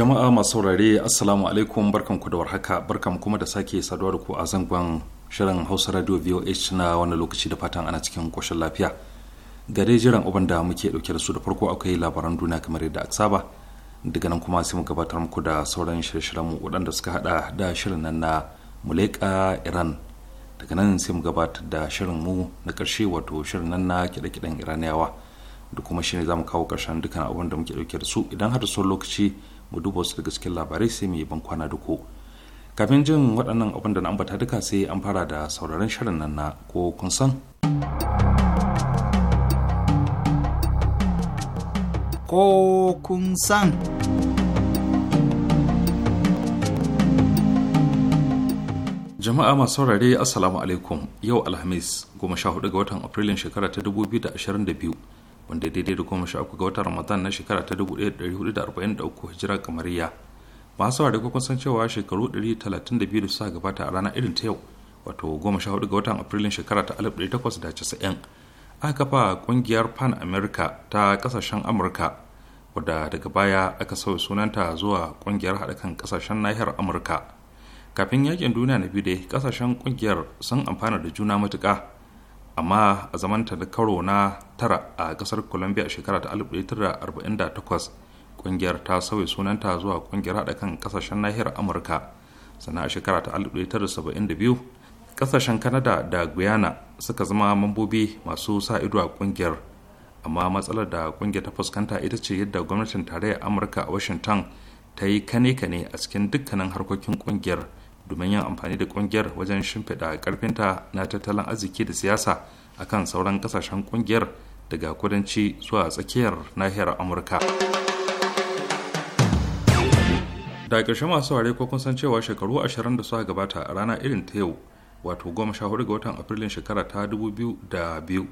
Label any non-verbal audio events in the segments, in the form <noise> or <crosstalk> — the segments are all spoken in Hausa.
jama'a masu saurare assalamu alaikum barkanku da warhaka barkan kuma da sake saduwa da ku a zangon shirin hausa radio voh na wani lokaci da fatan ana cikin koshin lafiya ga dai jiran uban da muke dauke da su da farko akwai labaran duniya kamar yadda aka saba daga nan kuma sai mu gabatar muku da sauran shirye-shiryen mu waɗanda suka hada da shirin nan na muleka iran daga nan sai mu gabatar da shirin mu na ƙarshe wato shirin nan na kiɗe-kiɗen iraniyawa da kuma shine za mu kawo ƙarshen dukkan abin da muke dauke da su idan har da lokaci mu duba wasu daga cikin labarai sai mu yi ban kwana da ku kafin jin waɗannan abin da na ambata duka sai an fara da sauraron shirin nan na ko kun san ko kun san jama'a masu saurare assalamu alaikum yau alhamis hudu ga watan afrilun shekara ta 2022 wanda daidai da goma sha uku ga watan ramadan na shekara ta 1443 hijira kamariya masu saurari kun san cewa shekaru 132 da suka gabata a ranar irin ta yau wato goma sha hudu ga watan afrilun shekara ta casa'in, aka kafa ƙungiyar pan america ta kasashen amurka wadda daga baya aka sauya sunanta zuwa ƙungiyar haɗa kan kasashen nahiyar amurka kafin yakin duniya na biyu da kasashen kungiyar sun amfana da juna matuƙa amma a zamanta da karo na tara a kasar colombia shekara ta 1948 kungiyar ta sauya sunanta zuwa kungiyar haɗa kan kasashen nahiyar amurka sannan a shekara ta 1972 kasashen canada da guyana suka zama mambobi masu sa ido a kungiyar amma matsalar da kungiyar ta fuskanta ita ce yadda gwamnatin tarayyar amurka a washington ta yi kane-kane a cikin dukkanin harkokin kungiyar domin yin amfani da kungiyar wajen shimfiɗa karfinta na tattalin arziki da siyasa a kan sauran kasashen kungiyar daga kudanci zuwa tsakiyar nahiyar amurka da ƙarshe masu ware ko kun san cewa shekaru ashirin da suka gabata a rana irin ta yau wato 14 ga watan afrilun shekara ta 2002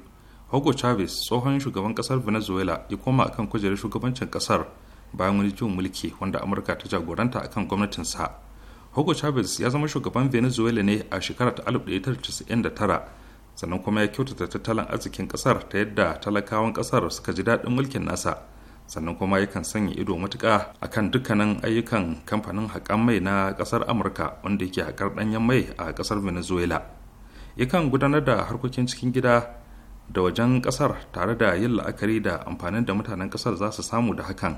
hugo chavez tsohon shugaban kasar venezuela ya koma akan kujerar shugabancin kasar bayan wani jin mulki wanda amurka ta jagoranta akan gwamnatinsa hugo chavez ya zama shugaban venezuela ne a shekarar ta 1999 sannan kuma ya kyautata tattalin arzikin kasar ta yadda talakawan kasar suka ji daɗin mulkin nasa sannan kuma yakan sanya ido matuka a kan dukkanin ayyukan kamfanin haƙan mai na ƙasar amurka wanda yake haƙar ɗanyen mai a ƙasar venezuela yakan gudanar da harkokin cikin gida da wajen ƙasar tare da yin la'akari da amfanin da mutanen ƙasar za su samu da hakan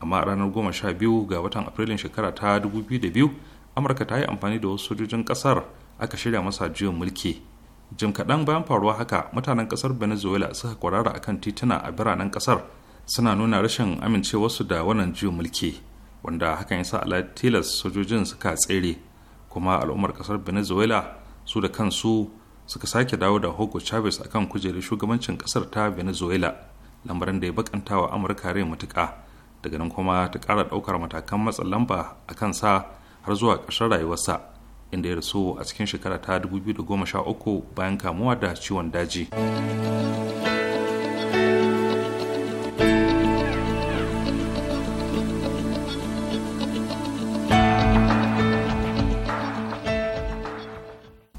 amma a ranar goma sha biyu ga watan afrilun shekara ta 2002 amurka ta yi amfani da wasu sojojin kasar aka shirya masa juyin mulki jim kaɗan bayan faruwa haka mutanen kasar venezuela suka kwarara akan tituna a biranen kasar suna nuna rashin amincewarsu da wannan juyin mulki wanda hakan ya sa tilas sojojin suka tsere kuma al'ummar kasar venezuela su da kansu suka sake dawo da hugo chavez akan kujerar shugabancin kasar ta venezuela lambarin da ya bakanta wa amurka rai matuƙa daga nan kuma ta kara ɗaukar matakan matsin lamba a kan sa har zuwa ƙarshen rayuwarsa inda ya rasu a cikin shekara ta 2013 bayan kamuwa da ciwon daji.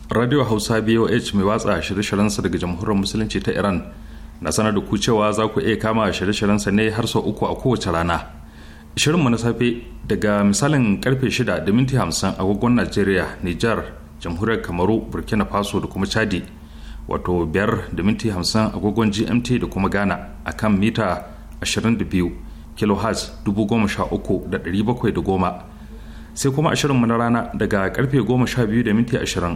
radio hausa boh mai watsa shirye-shiryensa daga jamhuriyar musulunci ta iran na sanar da ku cewa za ku iya kama shirye-shiryensa ne har sau uku a kowace rana shirinmu na safe daga misalin karfe 6 da minti 50 agogon najeriya nijar jamhuriyar kamaru burkina faso da kuma chadi wato 5 da minti 50 agogon gmt da kuma ghana a kan mita 22 kilohertz 13710 sai kuma a shirinmu na rana daga karfe 12 da minti 20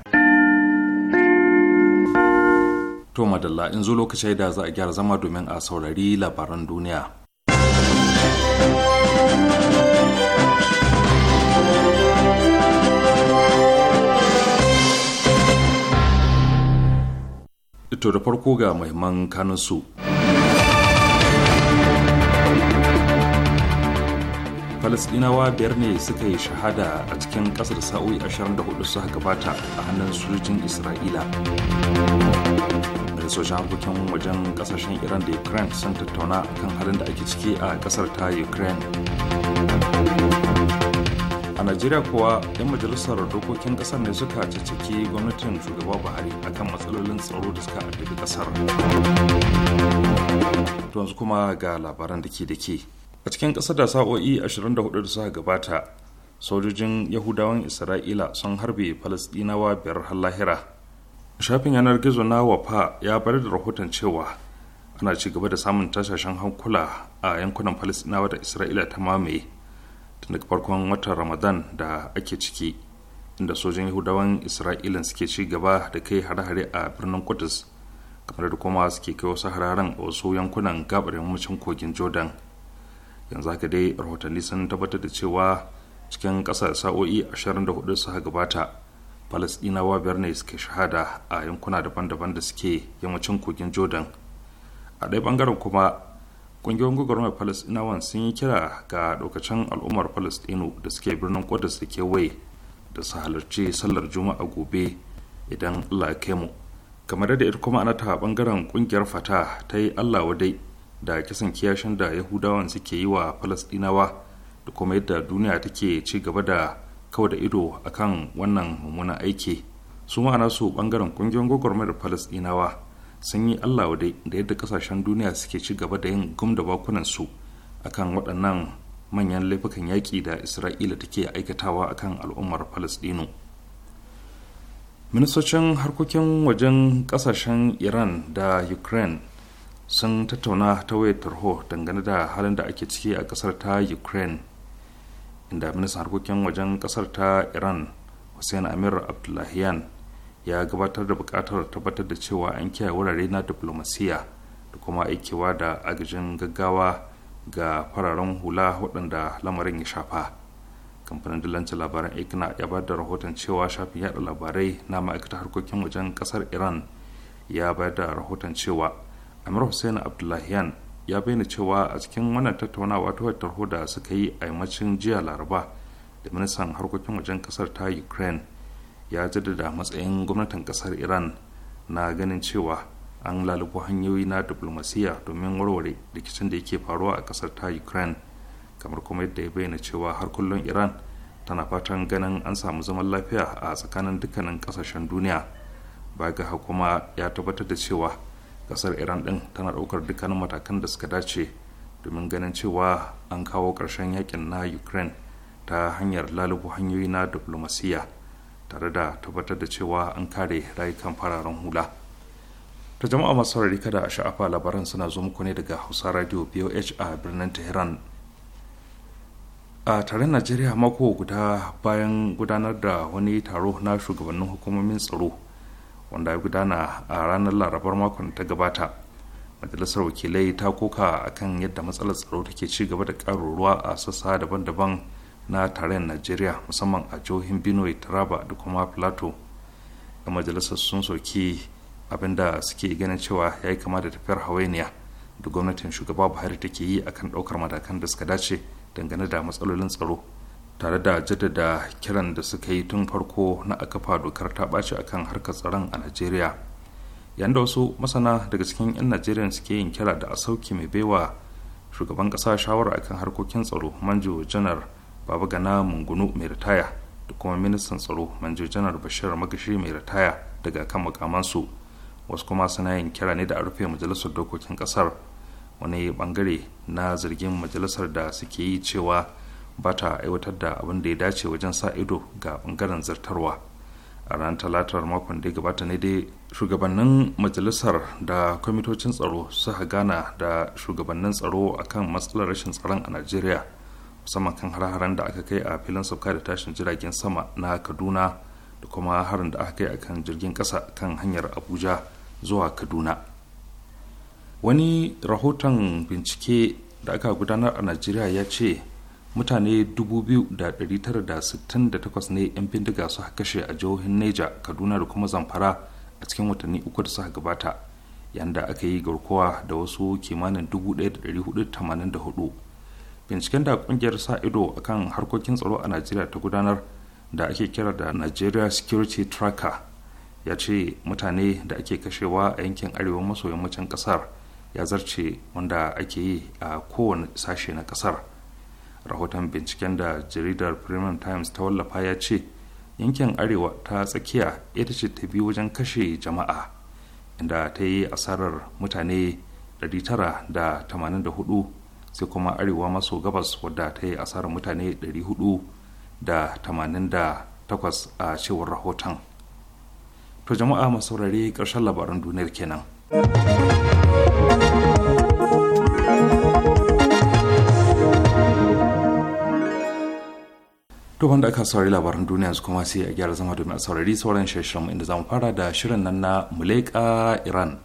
To madalla in zo lokacin da za a gyara zama domin a saurari labaran duniya. Ito da farko ga muhimman kanunsu. falasdinawa biyar ne suka yi shahada a cikin kasar sa'o'i 24 suka gabata a hannun sojojin isra'ila sojan harkokin wajen kasashen iran da ukraine sun tattauna kan halin da ake ciki a ƙasar ta ukraine a najeriya kuwa 'yan majalisar dokokin kasar ne suka caceki gwamnatin shugaba buhari akan matsalolin tsaro da suka addabi kasar yanzu kuma ga labaran da ke da ke a cikin ƙasa da sa'o'i 24 da suka gabata sojojin yahudawan isra'ila sun harbe falasɗinawa biyar har lahira shafin yanar gizo na wafa ya bari da rahoton cewa ana ci gaba da samun tashashen hankula a yankunan falasdinawa da isra'ila ta mamaye tun daga farkon watan ramadan da ake ciki inda sojin yahudawan isra'ila suke ci gaba da kai hare-hare a birnin kudus kamar da kuma suke kai wasu hararen a wasu yankunan gabar yammacin kogin jordan yanzu haka dai rahotanni sun tabbatar da cewa cikin ƙasa da sa'o'i 24 suka gabata falasɗinawa biyar ne suke shahada a yankuna daban-daban da suke yammacin kogin jordan a ɗaya ɓangaren kuma ƙungiyoyin gwagwarmar falasɗinawan sun yi kira ga ɗaukacin al'ummar falasdinu da suke birnin ƙudus da kewaye da su halarci sallar juma'a gobe idan allah ya kai mu kamar da ita kuma ana ta ɓangaren ƙungiyar fata ta yi allah wadai da kisan kiyashin da yahudawan suke yi wa falasdinawa da kuma yadda duniya take ci gaba da kawai da ido kan wannan mummunan aiki su ma'ana su bangaren kungiyar gwagwarmayar falasdinawa sun yi allah da yadda kasashen duniya suke ci gaba da yin gum da bakunan su kan waɗannan manyan laifukan yaƙi da isra'ila take aikatawa a kan al'ummar falasdino ministocin harkokin wajen kasashen iran da ukraine sun tattauna ta wayar tarho dangane da halin da ake ciki a kasar ta ukraine inda ministan harkokin wajen kasar ta iran hussein amir abdullahian ya gabatar da bukatar tabbatar da cewa an kiyaye wurare na diplomasiya da kuma aikewa da agajin gaggawa ga fararen hula waɗanda lamarin ya shafa kamfanin dillancin labaran ikna ya ba da rahoton cewa shafin yada labarai na ma'aikatar harkokin wajen kasar iran ya bayar da rahoton cewa amir hussein abdullahian ya bayyana cewa a cikin wannan tattaunawa ta wayar da suka yi a yammacin jiya laraba da ministan harkokin wajen kasar ta ukraine ya jaddada matsayin gwamnatin kasar iran na ganin cewa an lalubo hanyoyi na diplomasiya domin warware rikicin da yake faruwa a kasar ta ukraine kamar kuma yadda ya bayyana cewa har kullum iran tana fatan ganin an samu zaman lafiya a tsakanin dukkanin kasashen duniya ba ga kuma ya tabbatar da cewa kasar iran din tana daukar dukkanin matakan da suka dace domin ganin cewa an kawo ƙarshen yakin na ukraine ta hanyar lalubu hanyoyi na diplomasiya tare da tabbatar da cewa an kare rayukan fararen hula ta jama'a masu saurari kada a sha'afa labaran suna zo muku ne daga hausa radio boh a birnin tehran a tare najeriya mako guda bayan gudanar da wani taro na shugabannin hukumomin tsaro wanda ya gudana a ranar larabar makon ta gabata majalisar wakilai ta koka akan yadda matsalar tsaro take ci gaba da karuwa a sassa daban-daban na tarayyar najeriya musamman a jihohin benue taraba da kuma plateau da majalisar sun soki abinda suke ganin cewa ya yi kama da tafiyar hawainiya da gwamnatin shugaba buhari take yi akan ɗaukar matakan da suka dace dangane da matsalolin tsaro tare da jaddada kiran da suka yi tun farko na a kafa dokar ta ɓaci akan harkar tsaron a najeriya yayin da wasu masana daga cikin 'yan najeriya suke yin kira da a sauke mai baiwa shugaban ƙasa shawara akan harkokin tsaro manjo janar baba gana mungunu mai ritaya da kuma ministan tsaro manjo janar bashir magashi mai ritaya daga kan mukamansu wasu kuma suna yin kira ne da a rufe majalisar dokokin ƙasar wani bangare na zargin majalisar da suke yi cewa bata aiwatar da abin da ya dace wajen sa ido ga bangaren zartarwa a ranar talatar makon da ya gabata ne dai shugabannin majalisar da kwamitocin tsaro suka gana da shugabannin tsaro a kan matsalar rashin tsaron a najeriya musamman kan har-haren da aka kai a filin sauka da tashin jiragen sama na kaduna da kuma harin da aka kai a kan jirgin ƙasa kan hanyar abuja zuwa kaduna wani rahoton bincike da aka gudanar a najeriya ya ce mutane 2,968 ne 'yan bindiga su kashe a jihohin neja kaduna da kuma zamfara a cikin watanni uku da suka gabata yadda aka yi garkuwa da wasu kimanin 1,484 binciken da kungiyar sa ido akan harkokin tsaro a najeriya ta gudanar da ake kira da nigeria security tracker ya ce mutane da ake kashewa a yankin arewa maso yammacin kasar ya zarce wanda ake yi a kowane sashe na kasar rahoton binciken da jaridar premium times ta wallafa ya ce yankin arewa ta tsakiya ita ce ta biyu wajen kashe jama'a inda ta yi asarar mutane 984 sai kuma arewa maso gabas wadda ta yi asarar mutane 488 a cewar rahoton to jama'a masaurare ƙarshen labaran duniyar kenan. Duk da aka saurari labaran duniya yanzu kuma sai a gyara zama domin a saurari sauran shirin inda zamu fara da shirin nan na Muleka Iran.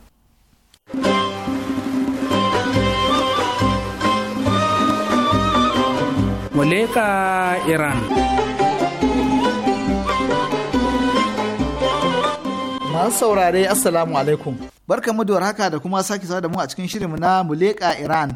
Muleka Iran. Masu saurare Assalamu alaikum. Barka mu da haka da kuma sake da mu a cikin shirinmu na Muleka Iran.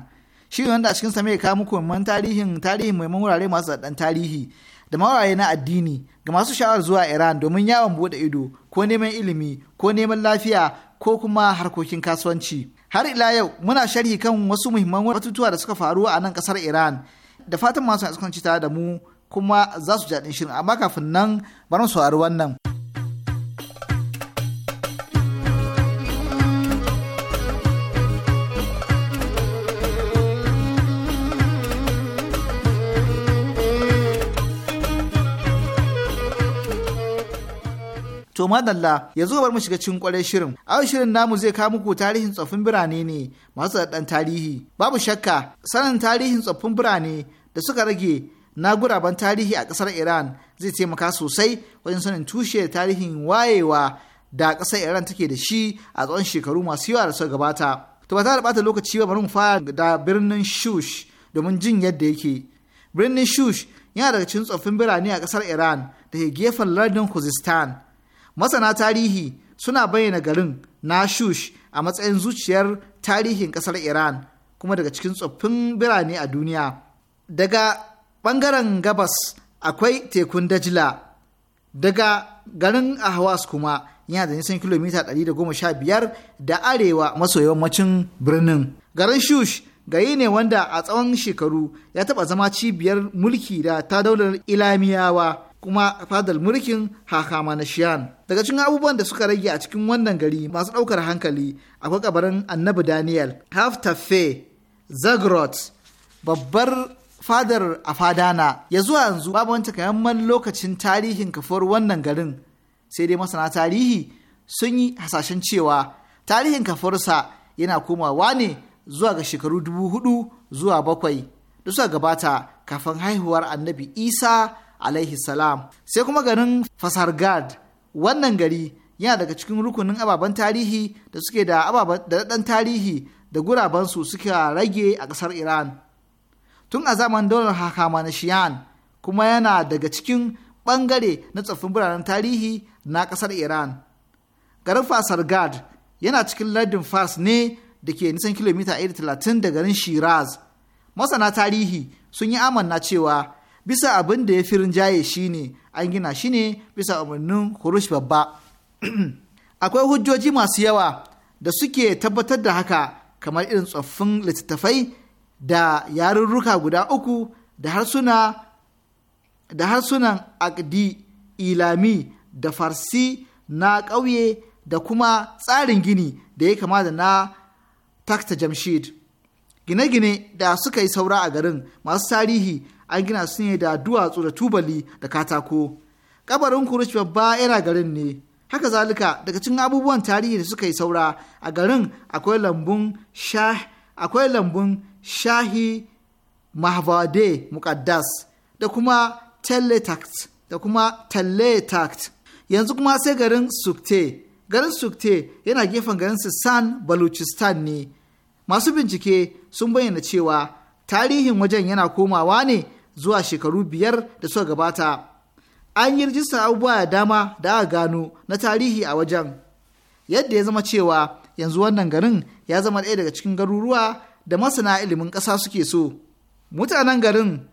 Shirin wanda a cikin sa mai kawo muku tarihin tarihin mai wurare masu zaɗan tarihi da mawaye na addini ga masu sha'awar zuwa Iran domin yawon bude ido ko neman ilimi ko neman lafiya ko kuma harkokin kasuwanci. Har ila yau muna sharhi kan wasu muhimman batutuwa da suka faru a nan kasar Iran da fatan masu tare da mu kuma za su jaɗin shirin amma kafin nan bari mu saurari wannan. To madalla ya zo bar mu shiga cikin kwarai shirin. Ayo shirin namu zai kawo muku tarihin tsoffin birane ne masu daɗan tarihi. Babu shakka sanin tarihin tsoffin birane da suka rage na guraben tarihi a kasar Iran zai taimaka sosai wajen sanin tushe tarihin wayewa da kasar Iran take da shi a tsawon shekaru masu yawa da suka gabata. To ba ta da ɓata lokaci ba bari mu fara da birnin Shush domin jin yadda yake. Birnin Shush yana daga cikin tsoffin birane a kasar Iran da ke gefen lardin Khuzestan. masana tarihi suna bayyana garin na shush a matsayin zuciyar tarihin kasar iran kuma daga cikin tsoffin birane a duniya daga bangaren gabas akwai tekun dajila daga garin Ahawas, kuma yana da nisan kilomita 115 da arewa maso yammacin birnin garin shush gari ne wanda a tsawon shekaru ya taɓa zama cibiyar mulki da ta daular ilamiyawa kuma fadar mulkin na Hakamanashiyan. Daga cikin abubuwan da suka rage a cikin wannan gari masu ɗaukar hankali akwai kabarin Annabi Daniel, Haftafe, Zagrot, babbar fadar a fadana ya zuwa yanzu babu wani lokacin tarihin kafuwar wannan garin sai dai masana tarihi sun yi hasashen cewa tarihin kafuwarsa yana komawa ne zuwa ga shekaru dubu hudu zuwa bakwai da suka gabata kafin haihuwar annabi isa alaihi salam sai kuma garin fasargad wannan gari yana daga cikin rukunin ababen tarihi da suke da ababen da tarihi da gurabansu suke rage a ƙasar iran tun a zaman na hakamanishiyan kuma yana daga cikin ɓangare na tsoffin biranen tarihi na ƙasar iran garin fasargad yana cikin lardin fars ne da ke nisan kilomita 30 da garin shiraz masana tarihi sun yi amanna cewa bisa abin da ya fi rinjaye shine an gina shi ne bisa umarnin kurush babba <clears throat> akwai hujjoji masu yawa da suke tabbatar da haka kamar irin tsoffin littattafai da yarurruka guda uku da da harsunan akdi ilami da farsi na ƙauye da kuma tsarin gini da ya kama da na takta jamshid gine-gine da suka yi saura a garin masu tarihi an gina su ne da duwatsu da tubali da katako kabarin kurush babba yana garin ne haka zalika daga cikin abubuwan tarihi da suka yi saura a garin akwai lambun akwai lambun shahi mahvade muqaddas da kuma teletakt da kuma teletakt yanzu kuma sai garin sukte garin sukte yana gefen garin San baluchistan ne masu bincike sun bayyana cewa tarihin wajen yana komawa ne zuwa shekaru biyar da suka gabata an yi rijista abubuwa da dama da aka gano na tarihi a wajen yadda ya zama cewa yanzu wannan garin ya zama ɗaya daga cikin garuruwa da masana ilimin ƙasa suke so mutanen garin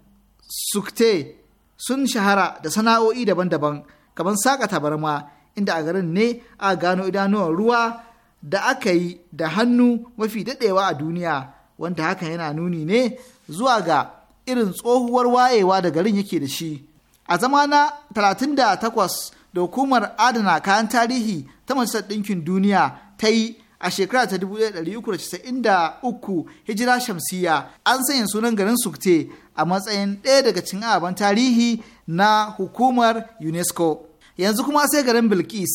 sukte sun shahara da sana'o'i daban-daban kamar saka tabarma inda a garin ne a gano idanuwan ruwa da aka yi da hannu mafi daɗewa a duniya wanda hakan yana nuni ne zuwa ga irin tsohuwar wayewa da garin yake da shi a zamana 38 da hukumar adana kayan tarihi ta majalisar ɗinkin duniya ta yi a shekara ta 1393 hijira shamsiya an sanya sunan garin sukte a matsayin ɗaya daga cikin ababen tarihi na hukumar unesco yanzu kuma sai garin bilkis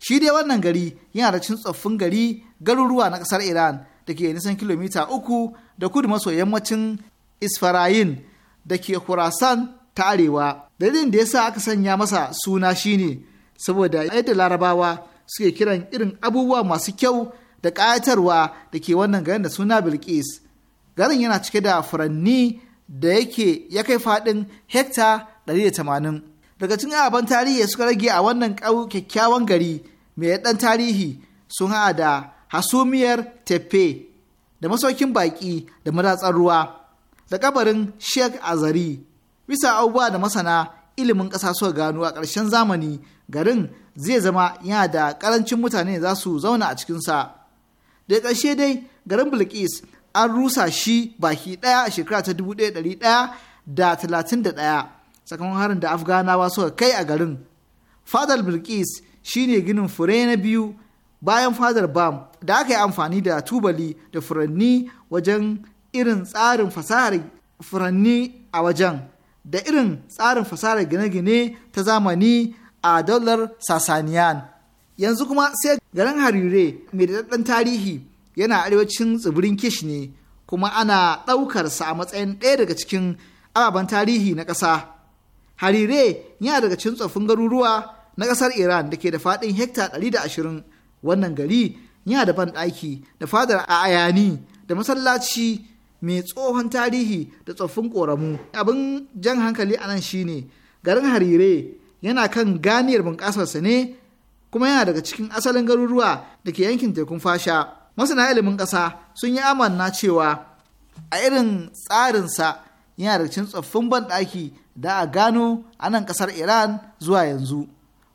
shi dai wannan gari yana da cin tsoffin gari garuruwa na ƙasar iran da ke nisan kilomita uku da kudu maso yammacin isfarayin da ke kurasan ta arewa dalilin da ya sa aka sanya masa suna shine saboda yadda larabawa suke kiran irin abubuwa masu kyau da ƙayatarwa da ke wannan garin da suna bilkis garin yana cike da furanni da yake ya kai faɗin hekta 180 daga cikin abin tarihi suka rage a wannan kyakkyawan gari mai ɗan tarihi sun haɗa da hasumiyar tefe da masaukin baƙi da madatsar ruwa da kabarin Sheikh Azari bisa abubuwa da masana ilimin ƙasa suka gano a ƙarshen zamani garin zai zama yana da ƙarancin mutane za su zauna a cikinsa. Da ƙarshe dai garin Bilkis an rusa shi baki ɗaya a shekara ta da da talatin ɗaya sakamakon harin da Afganawa suka kai a garin. Fadar Bilkis shi ne ginin fure na biyu bayan fadar Bam da aka yi amfani da tubali da furanni wajen irin tsarin fasahar furanni a wajen da irin tsarin fasahar gine-gine ta zamani a daular sasaniyan yanzu kuma sai garin harire mai daɗaɗɗen tarihi yana arewacin tsibirin kish ne kuma ana ɗaukarsa a matsayin ɗaya daga cikin ababen tarihi na ƙasa harire yana daga cikin tsoffin garuruwa na ƙasar iran da ke da faɗin hekta 120 wannan gari yana da ban ɗaki da fadar a ayani da masallaci mai tsohon tarihi da tsoffin ƙoramu abin jan hankali anan nan shine garin harire yana kan ganiyar bunƙasarsa ne kuma yana daga cikin asalin garuruwa da ke yankin tekun fasha masana ilimin ƙasa sun yi amanna cewa a irin tsarinsa yana da cikin tsoffin banɗaki da a gano a nan ƙasar iran zuwa yanzu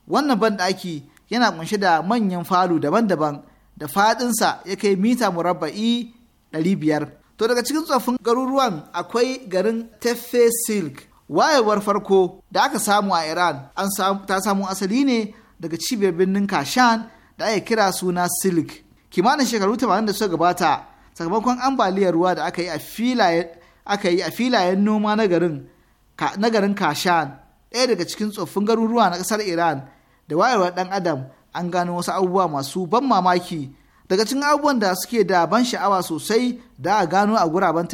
wannan banɗaki yana ƙunshe da manyan falo daban-daban da faɗinsa ya kai mita murabba'i 500 to daga cikin tsoffin garuruwan akwai garin tefe silk wayewar farko da aka samu a iran an ta samu asali ne daga cibiyar birnin kashan da aka kira suna silk kimanin shekaru 80 da suka gabata sakamakon ambaliyar ruwa da aka yi a filayen noma na garin kashan ɗaya daga cikin tsoffin garuruwa na ƙasar iran da wayewar ɗan adam an gano wasu abubuwa masu ban mamaki daga cikin abubuwan da suke da ban sha'awa sosai da a gano a guraben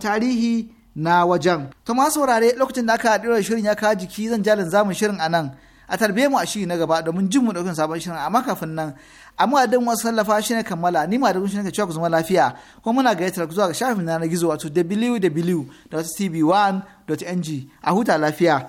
tarihi na wajen. Ta masu saurare lokacin da aka haɗu shirin ya kawo jiki zan jalin zamun shirin a nan. A tarbe mu a shiri na gaba domin jin mu ɗaukin sabon shirin amma kafin nan a din wasu sallafa shi ne kammala ni ma da kun shi ne cewa ku zama lafiya kuma muna gayyatar ku zuwa ga shafin na gizo wato www.tv1.ng a huta lafiya.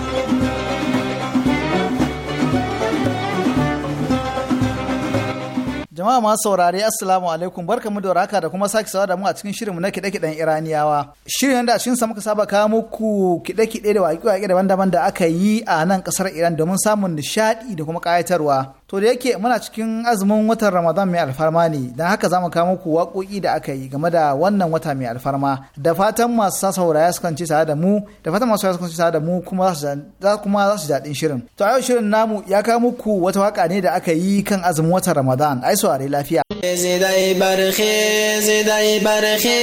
Jama'a masu saurare Assalamu alaikum mu da waraka da kuma sake sawa da mu a cikin shirinmu na kiɗe-kiɗen Iraniyawa. Shirin yanda a cikin sa muka saba kawo muku kiɗe-kiɗe da waƙe-waƙe daban-daban da aka yi a nan ƙasar Iran domin samun nishaɗi da kuma ƙayatarwa. to da yake muna cikin azumin watan ramadan mai alfarma ne don haka za mu kawo muku waƙoƙi da aka yi game da wannan wata mai alfarma da fatan masu sa saurayi su kan ci tare da mu da fatan masu saurayi su ci tare da mu kuma za su daɗin shirin to a yau shirin namu ya kawo muku wata waƙa ne da aka yi kan azumin watan ramadan ai saurayi lafiya. zidai barhe zidai barhe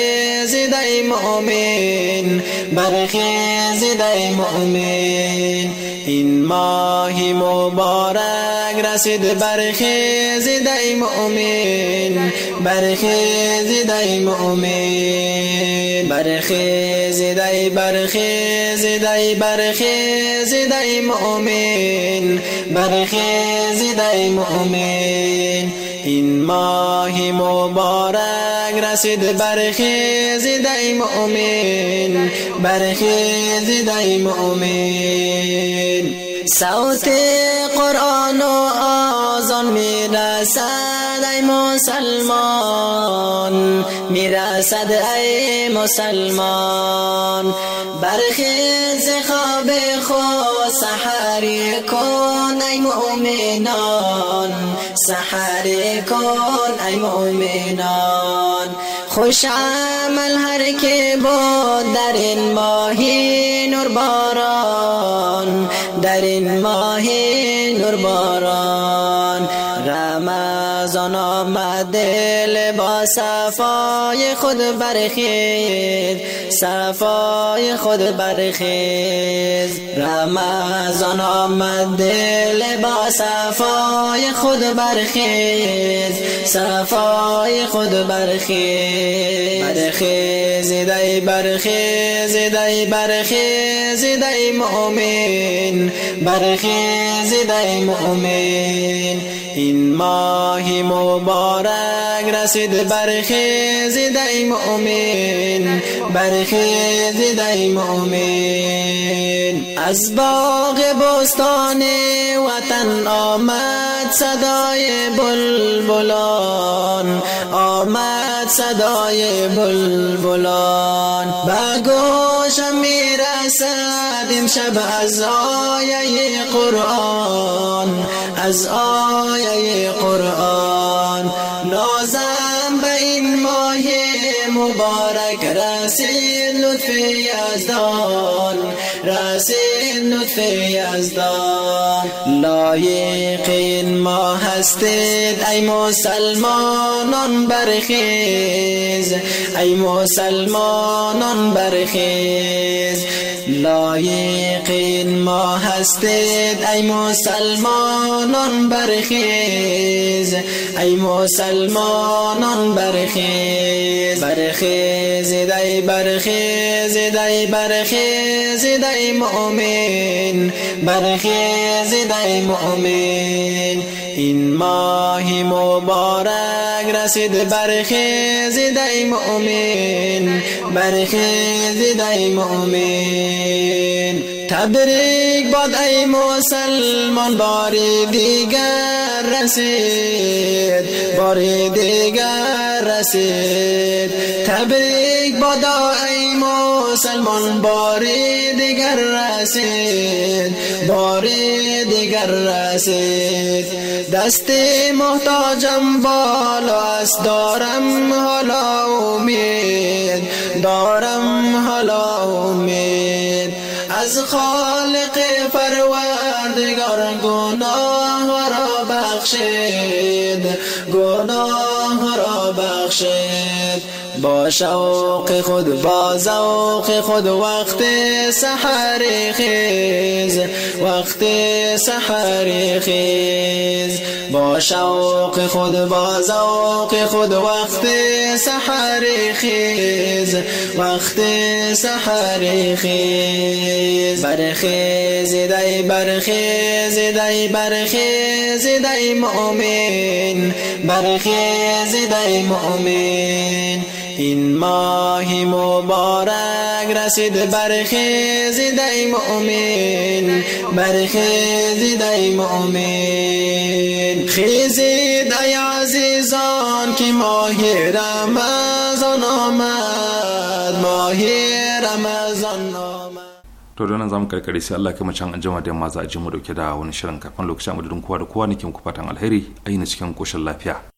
zidai mu'min barhe zidai mu'min in mahi mubarak rasi امید برخیز دای مؤمن برخیز دای مؤمن برخیز دای برخیز دای برخیز دای مؤمن برخیز دای مؤمن این ماه مبارک رسید برخیز دای مؤمن برخیز دای مؤمن صوت قرآن و آزان میرسد ای مسلمان میرسد ای مسلمان برخیز خواب خود سحری کن ای مؤمنان سحری کن ای مؤمنان خوش عمل هر که بود در این ماهی نور باران این ماه نور باران رمضان آمد دل با صفای خود برخیز صفای خود برخیز رمضان آمد دل با صفای خود برخیز صفای خود برخیز برخیز دی برخیز دی برخیز دی مؤمن برخیز دی مؤمن این ماهی مبارک مبارک رسید برخیز ای مؤمن برخیز ای مؤمن از باغ بستان وطن آمد صدای بلبلان آمد صدای بلبلان به گوشم میرسد امشب از آیه قرآن از آیه قرآن مبارک رسید لطف یزدان رسید لطف یزدان لایقین ما هستید ای مسلمانان برخیز ای مسلمانان برخیز لایقین ما هستید ای مسلمانان برخیز ای مسلمانان برخیز برخیزید ای برخیزید ای برخیزید ای مؤمن برخیزید ای مؤمن این ماه مبارک رسید برخیز ای مؤمن برخیز ای مؤمن تبریک باد ای مسلمان باری دیگر رسید بار دیگر رسید تبریک بادا ای مسلمان بار دیگر رسید بار دیگر رسید دست محتاجم بالا است دارم حالا امید دارم حالا امید از خالق فروردگار گناه بخشید گناه را بخشید با شوق خود با زوق خود وقت سحر خیز وقت سحر خیز با شوق خود با زوق خود وقت سحر خیز وقت سحر خیز برخیز دای برخیز دای برخیز دای مؤمن برخیز دای مؤمن این ماه مبارک رسید برخیزید ای مؤمن برخیزید ای مؤمن خیزید ای عزیزان که ماه رمضان آمد ماه رمضان to da nan zamu karkare sai Allah kuma can anjima da maza za a ji mu dauke da wani shirin kafin lokacin madadin kowa da kowa nake muku fatan alheri ayi cikin koshin lafiya